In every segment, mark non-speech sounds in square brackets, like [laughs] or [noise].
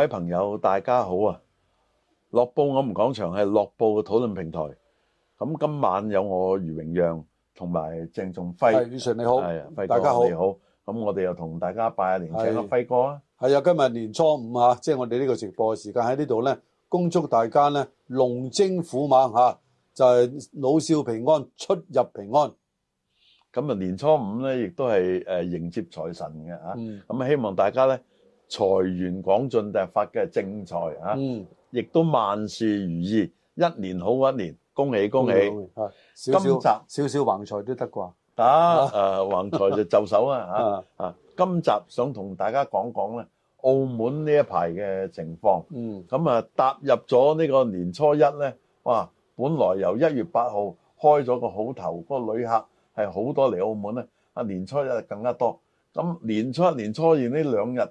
各位朋友，大家好啊！樂報我們講場係樂報嘅討論平台。咁今晚有我余榮讓同埋鄭仲輝。係，余 Sir 你好。係，輝哥大家好你好。咁我哋又同大家拜下年，請個輝哥啊。係啊，今日年初五啊，即係我哋呢個直播嘅時間喺呢度咧，恭祝大家咧龍精虎猛吓，就係老少平安，出入平安。咁啊，年初五咧，亦都係誒迎接財神嘅啊。咁啊、嗯，希望大家咧。的政財源廣進，但係發嘅正財啊，亦都萬事如意，一年好一年，恭喜恭喜、嗯嗯嗯、今集、嗯嗯嗯、少少橫財都得啩？啊，誒橫、啊 [laughs] 啊、財就就手啦嚇啊！今集想同大家講講咧，澳門呢一排嘅情況，咁啊、嗯嗯嗯、踏入咗呢個年初一咧，哇！本來由一月八號開咗個好頭，嗰個旅客係好多嚟澳門咧，啊年初一更加多。咁年初一、年初二呢兩日。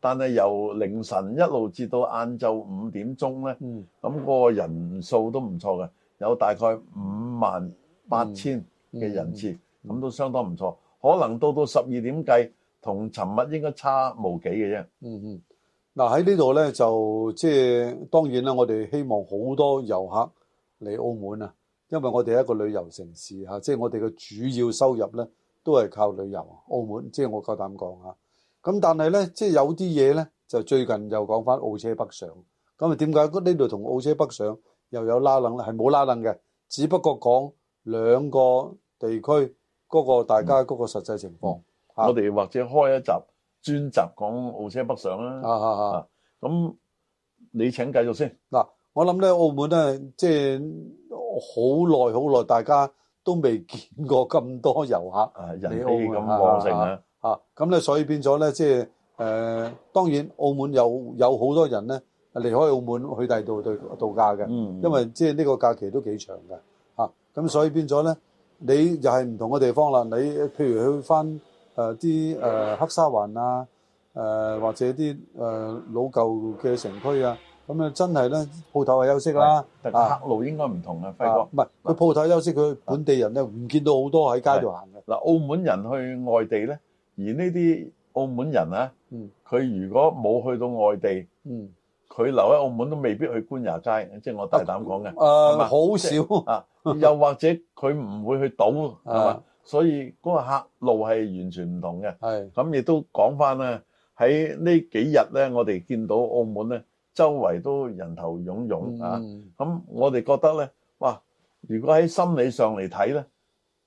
但係由凌晨一路至到晏晝五點鐘呢，咁、嗯、個人數都唔錯嘅，有大概五萬八千嘅人次，咁、嗯嗯、都相當唔錯。可能到到十二點計，同尋日應該差無幾嘅啫。嗯嗯，嗱喺呢度呢，就即係、就是、當然啦，我哋希望好多遊客嚟澳門啊，因為我哋一個旅遊城市嚇，即、就、係、是、我哋嘅主要收入呢，都係靠旅遊。澳門即係、就是、我夠膽講啊！咁但係咧，即、就、係、是、有啲嘢咧，就最近又講翻澳車北上。咁啊，點解呢度同澳車北上又有拉冷咧？係冇拉冷嘅，只不過講兩個地區嗰個大家嗰個實際情況。嗯嗯、我哋或者開一集專集講澳車北上啦。咁你請繼續先。嗱、啊，我諗咧，澳門咧，即係好耐好耐，大家都未見過咁多遊客，啊、人氣咁旺盛。啊，咁咧，所以變咗咧，即係誒，當然澳門有有好多人咧離開澳門去第二度度度假嘅，嗯、因為即係呢、呢個假期都幾長嘅。嚇、啊，咁所以變咗咧，你又係唔同嘅地方啦。你譬如去翻誒啲誒黑沙環啊，誒、呃、或者啲誒、呃、老舊嘅城區啊，咁啊真係咧鋪頭係休息啦。特黑路應該唔同嘅，唔係佢鋪頭休息，佢、啊、本地人咧唔、啊、見到好多喺街度行嘅。嗱、啊，澳門人去外地咧。而呢啲澳門人咧、啊，佢、嗯、如果冇去到外地，佢、嗯、留喺澳門都未必去官也街，即、就、係、是、我大膽講嘅，係咪好、啊、少？又或者佢唔會去賭，係咪？所以嗰個客路係完全唔同嘅。係咁，亦都講翻咧，喺呢幾日咧，我哋見到澳門咧，周圍都人頭湧湧、嗯、啊！咁我哋覺得咧，哇！如果喺心理上嚟睇咧，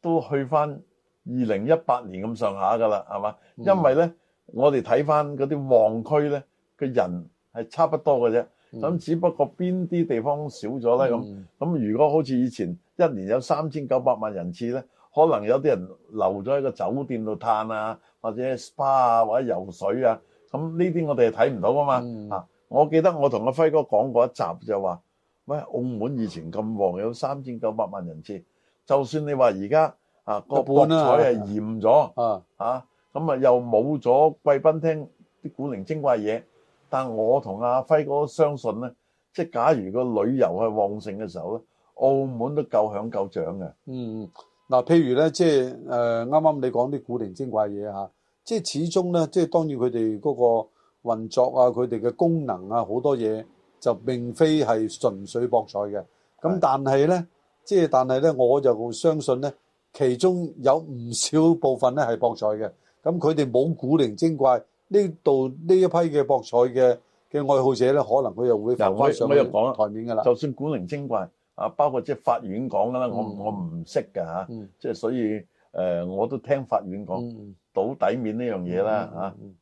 都去翻二零一八年咁上下噶啦，係嘛？嗯、因為咧，我哋睇翻嗰啲旺區咧，嘅人係差不多嘅啫。咁、嗯、只不過邊啲地方少咗咧？咁咁、嗯、如果好似以前一年有三千九百萬人次咧，可能有啲人留咗喺個酒店度嘆啊，或者 SPA 啊，或者游水啊，咁呢啲我哋係睇唔到噶嘛。嗯、啊，我記得我同阿輝哥講過一集就話，喂，澳門以前咁旺有三千九百萬人次，就算你話而家。啊！個博彩係嚴咗啊嚇咁啊，啊又冇咗貴賓廳啲古靈精怪嘢。但我同阿輝哥相信咧，即假如個旅遊係旺盛嘅時候咧，澳門都夠享夠獎嘅。嗯，嗱，譬如咧，即係誒啱啱你講啲古靈精怪嘢、啊、即始終咧，即係當然佢哋嗰個運作啊，佢哋嘅功能啊，好多嘢就並非係純粹博彩嘅。咁但係咧，即係但係咧、就是，我就相信咧，其中有唔少部分咧係博彩嘅，咁佢哋冇古靈精怪呢度呢一批嘅博彩嘅嘅愛好者咧，可能佢又會浮返上去台面噶啦，就算古靈精怪啊，包括即係法院講噶啦，我我唔識噶嚇，即係所以誒，我都聽法院講賭底面呢樣嘢啦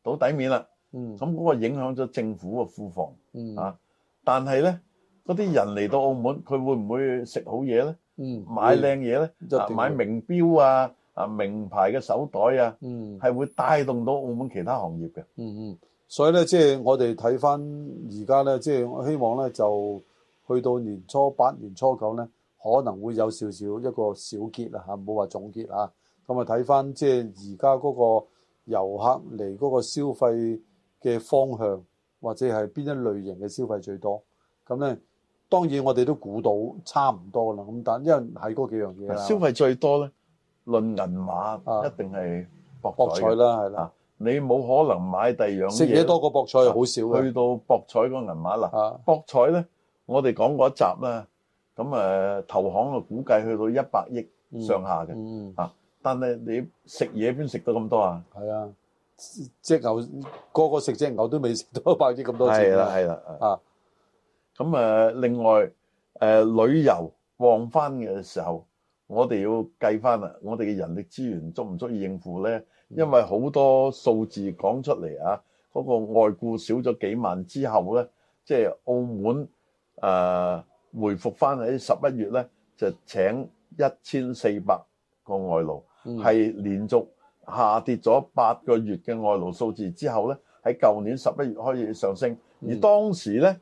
嚇，賭底面啦，咁嗰個影響咗政府嘅庫房啊，但係咧嗰啲人嚟到澳門，佢會唔會食好嘢咧？嗯，買靚嘢咧，就、嗯、買名錶啊，啊名牌嘅手袋啊，嗯，係會帶動到澳門其他行業嘅，嗯嗯，所以咧，即係我哋睇翻而家咧，即係我希望咧，就去到年初八、年初九咧，可能會有少少一個小結啦，唔好話總結啊，咁啊睇翻即係而家嗰個遊客嚟嗰個消費嘅方向，或者係邊一類型嘅消費最多，咁咧。當然我哋都估到差唔多啦，咁但因為係嗰幾樣嘢，消費最多咧，論銀碼、啊、一定係博博彩啦，係啦。你冇可能買第二樣食嘢多過博彩好少，去到博彩個個銀碼啦。的博彩咧，我哋講過一集啦，咁誒投行嘅估計去到一百億上下嘅，嚇、嗯嗯啊。但係你食嘢邊食到咁多啊？係啊，即係牛個個食，即牛都未食到一百億咁多錢。係啦，係啦，啊。咁誒、啊，另外誒、呃、旅遊旺翻嘅時候，我哋要計翻啦。我哋嘅人力資源足唔足以應付呢？因為好多數字講出嚟啊，嗰、那個外雇少咗幾萬之後呢，即係澳門誒、呃、回復翻喺十一月呢，就請一千四百個外勞，係、嗯、連續下跌咗八個月嘅外勞數字之後呢，喺舊年十一月開始上升，而當時呢。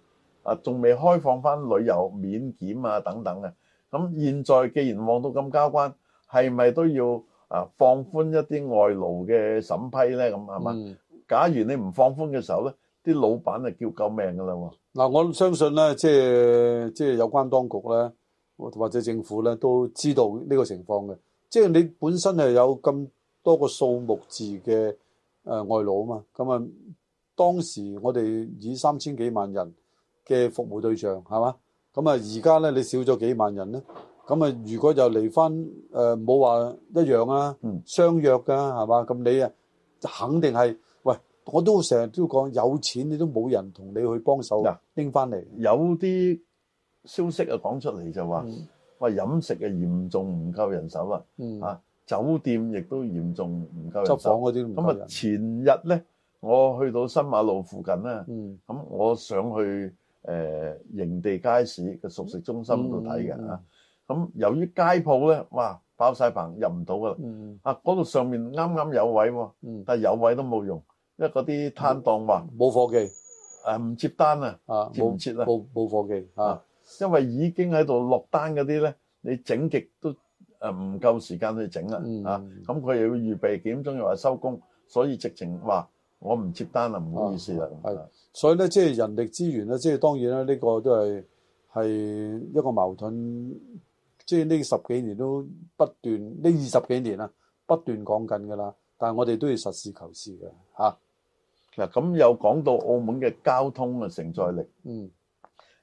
啊，仲未開放翻旅遊免檢啊，等等嘅、啊。咁現在既然望到咁交關，係咪都要啊放寬一啲外勞嘅審批咧？咁係嘛？假如你唔放寬嘅時候咧，啲老闆就叫救命噶啦喎！嗱、嗯，我相信咧，即係即係有關當局咧，或者政府咧都知道呢個情況嘅。即係你本身係有咁多個數目字嘅誒外勞啊嘛。咁、嗯、啊，當時我哋以三千幾萬人，嘅服務對象係嘛？咁啊，而家咧你少咗幾萬人咧，咁啊，如果就嚟翻誒，冇話一樣啊，相、嗯、約㗎係嘛？咁你啊，你肯定係喂，我都成日都講有錢你都冇人同你去幫手拎翻嚟。的有啲消息啊講出嚟就話，嗯、喂，飲食啊嚴重唔夠人手啦、啊，嗯、啊酒店亦都嚴重唔夠人手。咁啊，前日咧，我去到新馬路附近咧，咁、嗯、我想去。誒，營地街市嘅熟食中心度睇嘅啊，咁由於街鋪咧，哇，爆曬棚入唔到噶啦，啊，嗰度上面啱啱有位喎，但係有位都冇用，因為嗰啲攤檔話冇伙計，誒，唔接單啊，接唔切啦，冇冇伙計啊，因為已經喺度落單嗰啲咧，你整極都誒唔夠時間去整啦，啊，咁佢又要預備幾點鐘又話收工，所以直情話。我唔接單啦，唔好意思啦，啊。所以咧，即係人力資源咧，即、就、係、是、當然咧，呢、這個都係係一個矛盾。即係呢十幾年都不斷，呢二十幾年啦，啊、不斷講緊噶啦。但係我哋都要實事求是嘅嚇。嗱，咁，啊啊、又講到澳門嘅交通嘅承載力。嗯。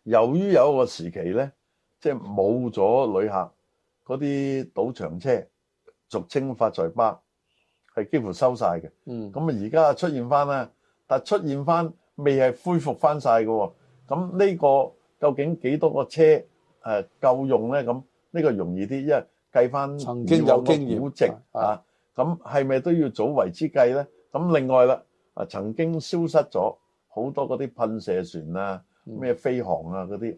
由於有一個時期咧，即係冇咗旅客，嗰啲賭場車俗稱發財巴。係幾乎收晒嘅，嗯，咁啊而家出現翻咧，但出現翻未係恢復翻晒嘅喎，咁呢個究竟幾多個車誒、啊、夠用咧？咁呢個容易啲，因為計翻曾經有經驗值啊，咁係咪都要早為之計咧？咁另外啦，啊曾經消失咗好多嗰啲噴射船啊，咩、嗯、飛航啊嗰啲，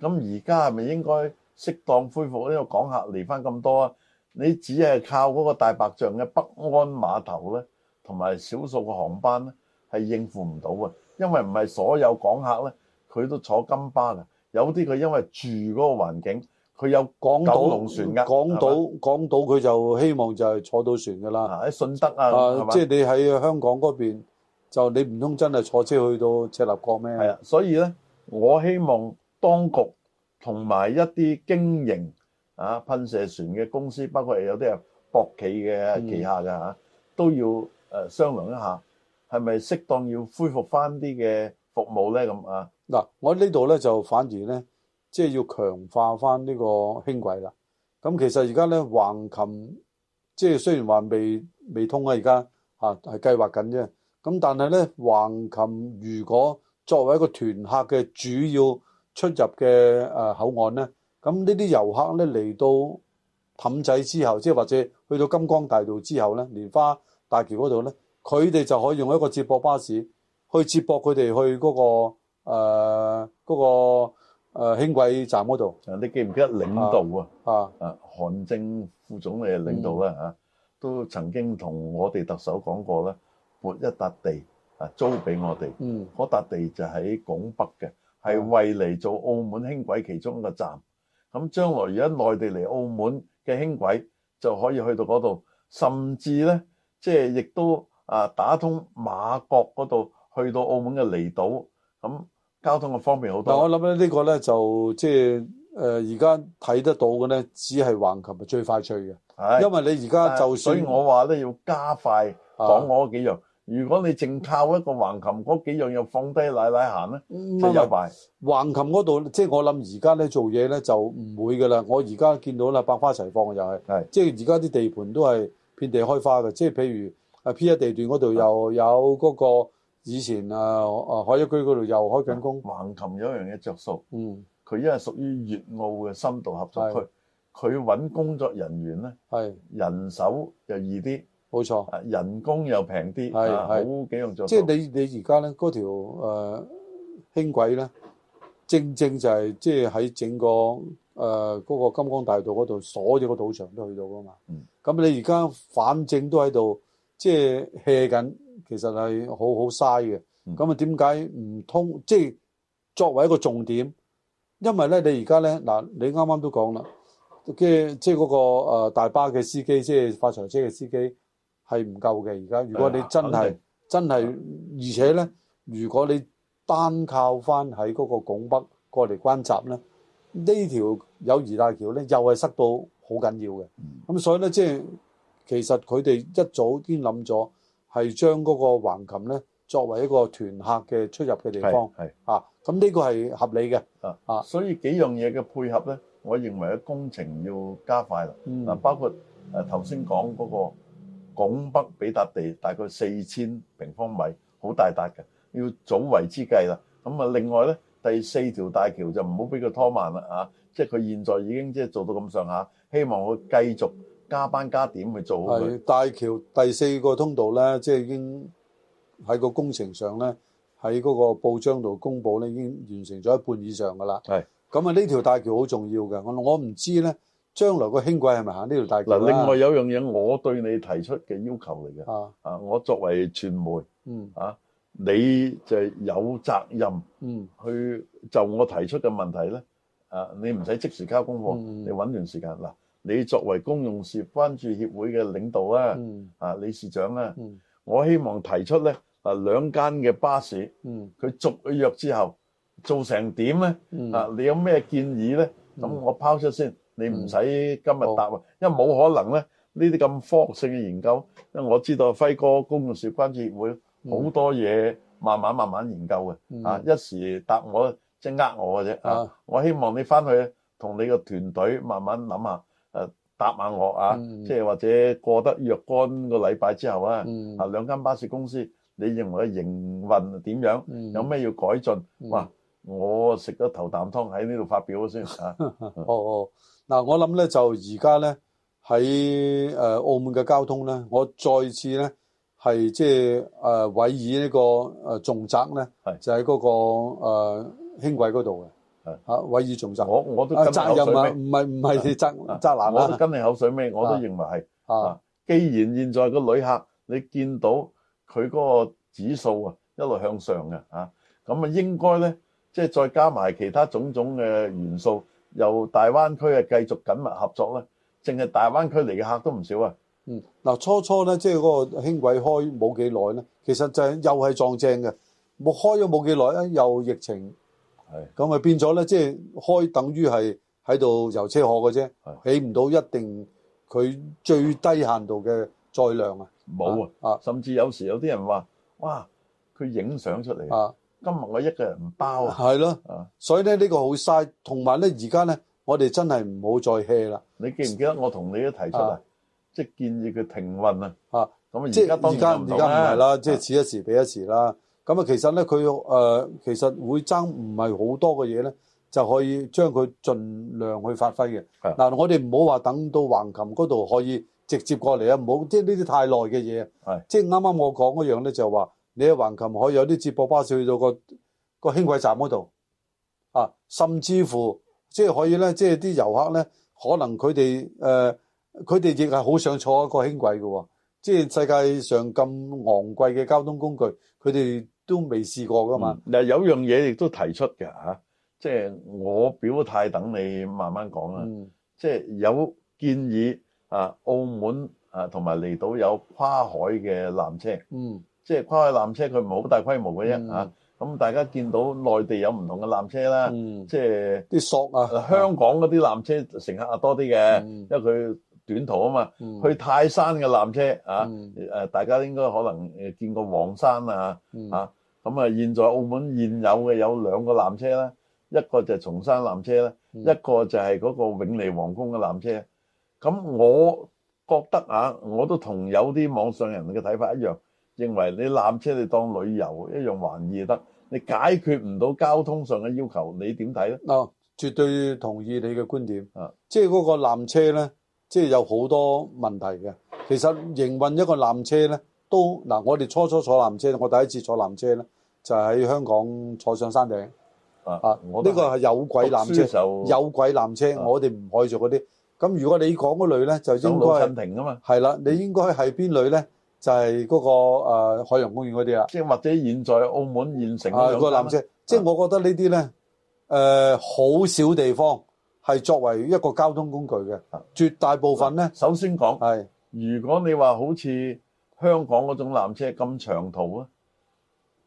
咁而家係咪應該適當恢復呢個港客嚟翻咁多啊？你只係靠嗰個大白象嘅北安碼頭咧，同埋少數嘅航班咧，係應付唔到嘅，因為唔係所有港客咧，佢都坐金巴嘅，有啲佢因為住嗰個環境，佢有港島龍船嘅，港島港島佢就希望就係坐到船㗎喇。喺信德啊，即係你喺香港嗰邊，就你唔通真係坐車去到赤鱲角咩？係啊，所以咧，我希望當局同埋一啲經營。啊！噴射船嘅公司，包括有啲係博企嘅、嗯、旗下嘅嚇、啊，都要誒、呃、商量一下，係咪適當要恢復翻啲嘅服務咧？咁啊，嗱、啊，我在這裏呢度咧就反而咧，即係要強化翻呢個輕軌啦。咁、嗯、其實而家咧橫琴，即係雖然話未未通啊，而家嚇係計劃緊啫。咁、啊啊、但係咧橫琴如果作為一個團客嘅主要出入嘅誒、啊、口岸咧。咁呢啲遊客咧嚟到氹仔之後，即係或者去到金光大道之後咧，蓮花大橋嗰度咧，佢哋就可以用一個接駁巴士去接駁佢哋去嗰、嗰個誒嗰、呃嗰個誒、啊啊、輕軌站嗰度。你記唔記得領導啊？啊，誒、啊、韓正副總理領導啦、啊嗯、都曾經同我哋特首講過啦，撥一笪地啊租俾我哋，嗰笪、嗯、地就喺拱北嘅，係為嚟做澳門輕軌其中一個站。咁將來而家內地嚟澳門嘅輕軌就可以去到嗰度，甚至咧即係亦都啊打通媽閣嗰度去到澳門嘅離島，咁交通嘅方便好多。但我諗咧呢個咧就即係誒而家睇得到嘅咧，只係橫琴係最快脆嘅，係。因為你而家就算，所以我話咧要加快講我嗰幾樣。啊.如果你淨靠一個橫琴嗰幾樣嘢放低奶奶行咧、嗯，就又、是、敗。橫琴嗰度，即係我諗而家咧做嘢咧就唔會嘅啦。我而家見到啦百花齊放嘅又係，是即係而家啲地盤都係遍地開花嘅。即係譬如啊 P 一地段嗰度又有嗰是個以前啊啊，啊海逸居嗰度又開緊工。橫琴有一樣嘢着數，嗯，佢因為屬於粵澳嘅深度合作區，佢揾是工作人員咧，係是人手就易啲。冇錯，人工又平啲，好幾樣作用即係你你而家咧嗰條誒、呃、輕軌咧，正正就係即係喺整個誒嗰、呃那個金光大道嗰度所有嘅賭場都去到噶嘛。咁、嗯、你而家反正都喺度，即係 hea 緊，其實係好好嘥嘅。咁啊點解唔通？即、就、係、是、作為一個重點，因為咧你而家咧嗱，你啱啱都講啦，嘅即係嗰個、呃、大巴嘅司機，即係發財車嘅司機。係唔夠嘅而家。如果你真係定真係，而且呢，如果你單靠翻喺嗰個拱北過嚟關閘咧，呢條友誼大橋呢又係塞到好緊要嘅。咁、嗯、所以呢，即係其實佢哋一早已經諗咗，係將嗰個橫琴呢作為一個團客嘅出入嘅地方。係啊，咁呢個係合理嘅。啊，所以幾樣嘢嘅配合呢，我認為嘅工程要加快啦。嗱、嗯，包括誒頭先講嗰個。拱北比笪地大概四千平方米，好大笪嘅，要早為之計啦。咁啊，另外咧，第四條大橋就唔好俾佢拖慢啦啊！即係佢現在已經即係做到咁上下，希望佢繼續加班加點去做好佢。係大橋第四個通道咧，即係已經喺個工程上咧，喺嗰個報章度公佈咧，已經完成咗一半以上噶啦。係是。咁啊，呢條大橋好重要嘅，我我唔知咧。將來個輕軌係咪行呢條大橋啊？嗱，另外有樣嘢，我對你提出嘅要求嚟嘅。啊，啊，我作為傳媒，嗯，啊，你就係有責任，嗯，去就我提出嘅問題咧，啊，你唔使即時交功課，你揾段時間。嗱，你作為公用事業關注協會嘅領導咧，啊，理事長咧，我希望提出咧，啊，兩間嘅巴士，嗯，佢續咗約之後，做成點咧？啊，你有咩建議咧？咁我拋出先。你唔使今日答啊，因為冇可能咧。呢啲咁科學性嘅研究，因為我知道輝哥公共事務關注協會好多嘢慢慢慢慢研究嘅。啊，一時答我即係呃我嘅啫。啊，我希望你翻去同你個團隊慢慢諗下，誒答下我啊。即係或者過得若干個禮拜之後啊，啊兩間巴士公司，你認為營運點樣，有咩要改進？哇！我食咗頭啖湯喺呢度發表先啊。哦哦。嗱，我諗咧就而家咧喺誒澳門嘅交通咧，我再次咧係即係誒委以呢是、就是呃、個誒重責咧，是就喺嗰、那個誒、呃、輕軌嗰度嘅嚇委以重責。我我都責任啊，唔係唔係你責難。我都跟你口水咩，啊？我都認為係啊。既然現在個旅客你見到佢嗰個指數啊，一路向上嘅，啊、嚇，咁啊應該咧即係再加埋其他種種嘅元素。由大灣區啊，繼續緊密合作咧，淨係大灣區嚟嘅客都唔少啊。嗯，嗱，初初咧，即係嗰個輕軌開冇幾耐咧，其實就係、是、又係撞正嘅，冇開咗冇幾耐咧，又疫情，係咁啊，變咗咧，即、就、係、是、開等於係喺度遊車河嘅啫，是的 起唔到一定佢最低限度嘅載量啊，冇啊，啊，甚至有時有啲人話，哇，佢影相出嚟啊。今日我一個人唔包啊，係咯，所以咧呢個好嘥，同埋咧而家咧，我哋真係唔好再 hea 啦。你記唔記得我同你都提出嚟，即係建議佢停運啊？咁即係而家而家唔係啦，即係此一時彼一時啦。咁啊，其實咧佢誒其實會爭唔係好多嘅嘢咧，就可以將佢盡量去發揮嘅。嗱，我哋唔好話等到橫琴嗰度可以直接過嚟啊，唔好即呢啲太耐嘅嘢。即啱啱我講嗰樣咧就話。你喺橫琴海有啲接駁巴士去到個個輕軌站嗰度啊，甚至乎即係可以咧，即係啲遊客咧，可能佢哋誒，佢哋亦係好想坐一個輕軌嘅，即係世界上咁昂貴嘅交通工具，佢哋都未試過噶嘛。嗱、嗯，有樣嘢亦都提出嘅吓、啊，即、就、係、是、我表態，等你慢慢講啦、啊。即係、嗯、有建議啊，澳門啊，同埋離島有跨海嘅纜車。嗯即係跨海纜車，佢唔係好大規模嘅啫嚇。咁、嗯啊、大家見到內地有唔同嘅纜車啦、啊，嗯、即係是啲索啊。香港嗰啲纜車乘客啊多啲嘅，嗯、因為佢短途啊嘛。嗯、去泰山嘅纜車啊，誒、嗯、大家應該可能誒見過黃山啊嚇。咁、嗯、啊，現在澳門現有嘅有兩個纜車啦、啊，一個就係松山纜車啦、啊，嗯、一個就係嗰個永利皇宮嘅纜車。咁我覺得啊，我都同有啲網上人嘅睇法一樣。認為你纜車你當旅遊一樣玩意得，你解決唔到交通上嘅要求，你點睇咧？啊，絕對同意你嘅觀點。啊，即係嗰個纜車咧，即係有好多問題嘅。其實營運一個纜車咧，都嗱，我哋初初坐纜車，我第一次坐纜車咧，就喺香港坐上山頂。啊，呢個係有軌纜車，有軌纜車，我哋唔可以做嗰啲。咁如果你講嗰類咧，就應該係。有路信停噶嘛？係啦，你應該係邊類咧？就係嗰、嗰個、呃、海洋公園嗰啲啦，即係或者現在澳門現成嗰、啊嗰個纜車。啊、即係我覺得呢啲呢，誒好少地方係作為一個交通工具嘅。啊、絕大部分呢，啊、首先講係，如果你話好似香港嗰種纜車咁長途啊，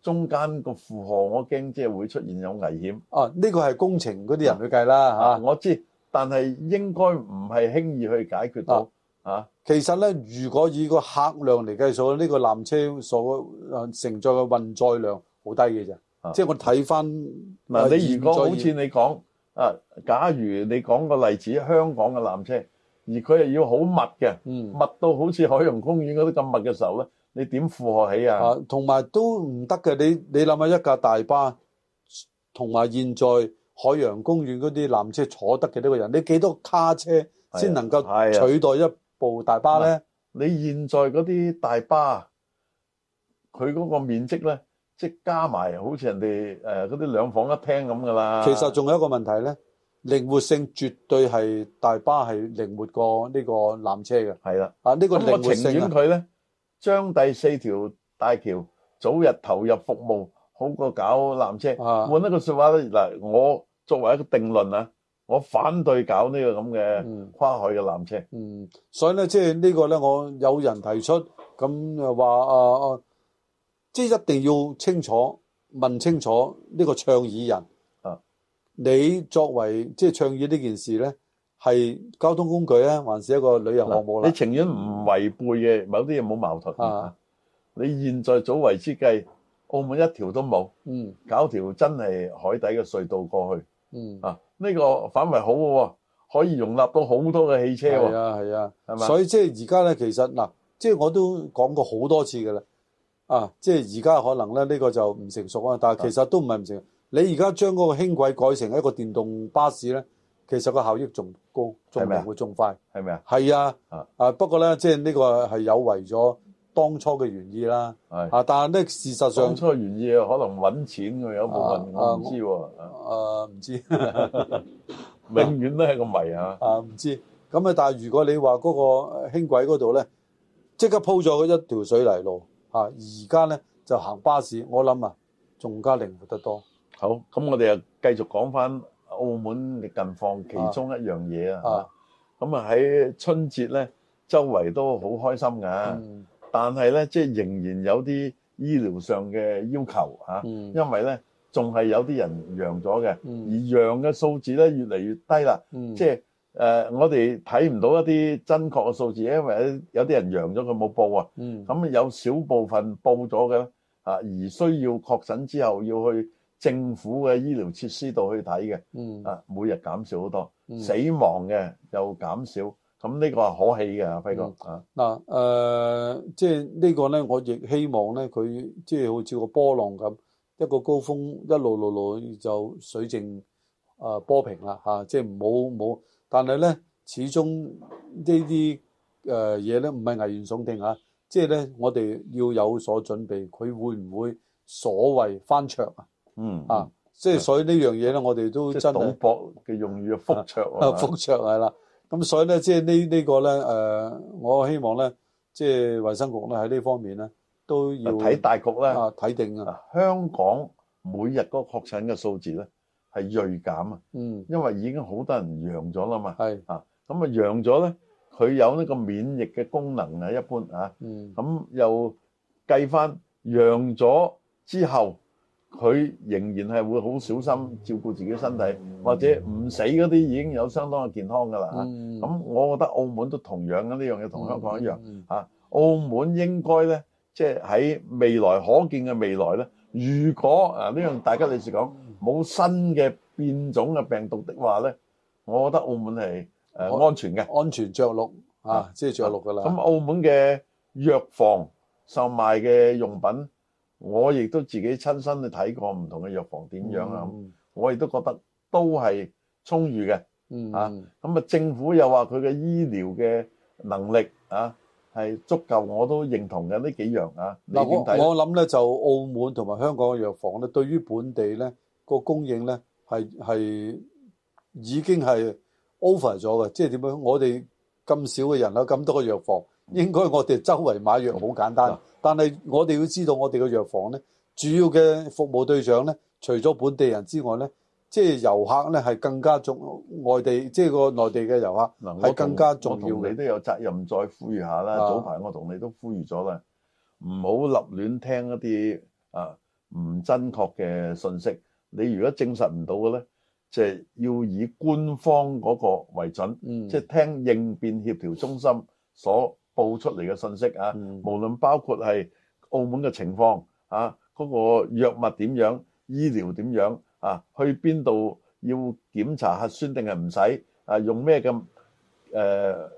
中間個負荷，我驚即係會出現有危險。啊呢、呢個係工程嗰啲人去計啦嚇，啊啊、我知，但係應該唔係輕易去解決到、啊。啊，其實咧，如果以個客量嚟計數，呢、呢個纜車所承、呃、載嘅運載量好低嘅啫。啊、即係我睇翻嗱，啊、在你如果好似你講啊，假如你講個例子，香港嘅纜車，而佢係要好密嘅，嗯、密到好似海洋公園嗰啲咁密嘅時候咧，你點負荷起啊？啊，同埋都唔得嘅。你你諗下一架大巴，同埋現在海洋公園嗰啲纜車坐得幾多個人？你幾多卡車先能夠取代、啊啊、一？部大巴咧，你現在嗰啲大巴，佢嗰個面積咧，即係加埋，好似人哋誒嗰啲兩房一廳咁㗎啦。其實仲有一個問題咧，靈活性絕對係大巴係靈活過呢個纜車嘅。係啦，啊呢個靈活性，咁我情願佢咧，將第四條大橋早日投入服務，好過搞纜車。換一個説話咧，嗱，我作為一個定論啊。我反對搞呢個咁嘅跨海嘅纜車，嗯，嗯，所以咧，即係呢個咧，我有人提出咁又話啊，啊，即係一定要清楚問清楚呢個倡議人啊，你作為即係倡議呢件事咧，係交通工具咧，還是一個旅遊項目咧？你情願唔違背嘅某啲嘢冇矛盾啊？你現在早為之計，澳門一條都冇，嗯，搞條真係海底嘅隧道過去，嗯啊。呢個範圍好嘅、哦、喎，可以容納到好多嘅汽車喎、哦。啊，係啊，係嘛吧。所以即係而家咧，其實嗱，即係我都講過好多次嘅啦。啊，即係而家可能咧，呢、這個就唔成熟啊。但係其實都唔係唔成熟。你而家將嗰個輕軌改成一個電動巴士咧，其實個效益仲高，仲會仲快，係咪嗎啊？係啊。啊，不過咧，即係呢個係有為咗。當初嘅原意啦，啊！但係咧，事實上，當初嘅原意可能揾錢㗎，有部分我唔知喎。唔、啊啊啊、知道， [laughs] 永遠都係個謎啊！啊唔知咁啊！但係如果你話嗰個輕軌嗰度咧，即刻鋪咗一條水泥路啊！而家咧就行巴士，我諗啊，仲加靈活得多。好，咁我哋又繼續講翻澳門嘅近況，其中一樣嘢啊！啊，咁啊喺春節咧，周圍都好開心㗎。嗯但係咧，即係仍然有啲醫療上嘅要求、啊嗯、因為咧仲係有啲人陽咗嘅，嗯、而陽嘅數字咧越嚟越低啦。嗯、即係誒、呃，我哋睇唔到一啲真確嘅數字，因為有啲人陽咗佢冇報啊。咁、嗯、有少部分報咗嘅、啊、而需要確診之後要去政府嘅醫療設施度去睇嘅。嗯、啊，每日減少好多，嗯、死亡嘅又減少。咁呢個係可喜嘅，輝哥啊。嗱、嗯，誒、呃，即係呢個咧，我亦希望咧，佢即係好似個波浪咁，一個高峰一路落落就水靜誒、呃、波平啦吓、啊，即係冇冇。但係咧，始終、呃、呢啲誒嘢咧唔係危言聳聽吓，即係咧我哋要有所準備，佢會唔會所謂翻牆啊？嗯啊，即係、嗯、所以呢樣嘢咧，我哋都真係賭博嘅用語啊，覆牆啊，覆牆係啦。咁所以咧，即係呢呢個咧，誒，我希望咧，即係衛生局咧喺呢方面咧，都要睇大局咧，睇定啊。香港每日嗰個確診嘅數字咧係鋭減啊，嗯，因為已經好多人陽咗啦嘛，係啊，咁啊陽咗咧，佢有呢個免疫嘅功能啊，一般啊，嗯，咁又計翻陽咗之後。佢仍然係會好小心照顧自己身體，或者唔死嗰啲已經有相當嘅健康噶啦嚇。咁我覺得澳門都同樣嘅呢樣嘢同香港一樣嚇。澳門應該咧，即係喺未來可見嘅未來咧，如果啊呢樣大家你講冇新嘅變種嘅病毒的話咧，我覺得澳門係誒安全嘅，安全著陸嚇，即係著陸㗎啦。咁澳門嘅藥房售賣嘅用品。我亦都自己親身去睇過唔同嘅藥房點樣啊、嗯！我亦都覺得都係充裕嘅，啊嗯。啊，咁啊，政府又話佢嘅醫療嘅能力啊係足夠，我都認同嘅呢幾樣啊。嗱，我我諗咧就澳門同埋香港嘅藥房咧，對於本地咧，個供應咧係係已經係 over 咗嘅。即係點樣？我哋咁少嘅人口，咁多嘅藥房。應該我哋周圍買藥好簡單，嗯、但係我哋要知道我哋嘅藥房咧，主要嘅服務對象咧，除咗本地人之外咧，即、就、係、是、遊客咧係更加重外地，即、就、係、是、個內地嘅遊客，係更加重要。嗯、我同你都有責任再呼籲下啦。啊、早排我同你都呼籲咗啦，唔好立亂聽一啲唔、啊、真確嘅信息。你如果證實唔到嘅咧，就要以官方嗰個為準，即係、嗯、聽應變協調中心所。報出嚟嘅信息啊，無論包括係澳門嘅情況啊，嗰個藥物點樣、醫療點樣啊，去邊度要檢查核酸定係唔使啊？用咩嘅誒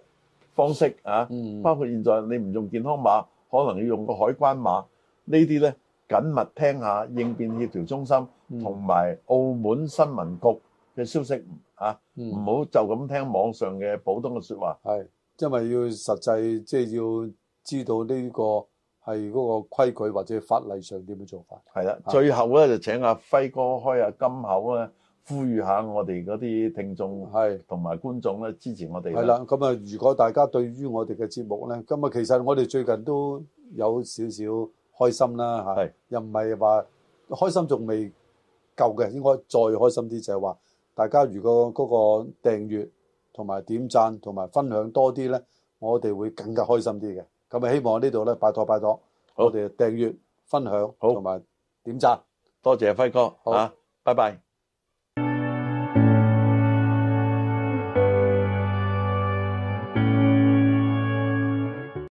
方式啊？包括現在你唔用健康碼，可能要用個海關碼，呢啲呢緊密聽下應變協調中心同埋澳門新聞局嘅消息啊，唔好就咁聽網上嘅普通嘅說話。係。因為要實際即係要知道呢個係嗰個規矩或者法例上點樣做法。係啦的，係的最後咧的就請阿、啊、輝哥開下、啊、金口啊，呼籲下我哋嗰啲聽眾係同埋觀眾咧的支持我哋。係啦，咁啊，如果大家對於我哋嘅節目咧，咁啊，其實我哋最近都有少少開心啦吓，係係的又唔係話開心仲未夠嘅，應該再開心啲就係話，大家如果嗰個訂閱。同埋點讚同埋分享多啲咧，我哋會更加開心啲嘅。咁啊，希望呢度咧，拜託拜託，我哋訂閱、分享同埋好點讚。多謝輝哥啊，好拜拜。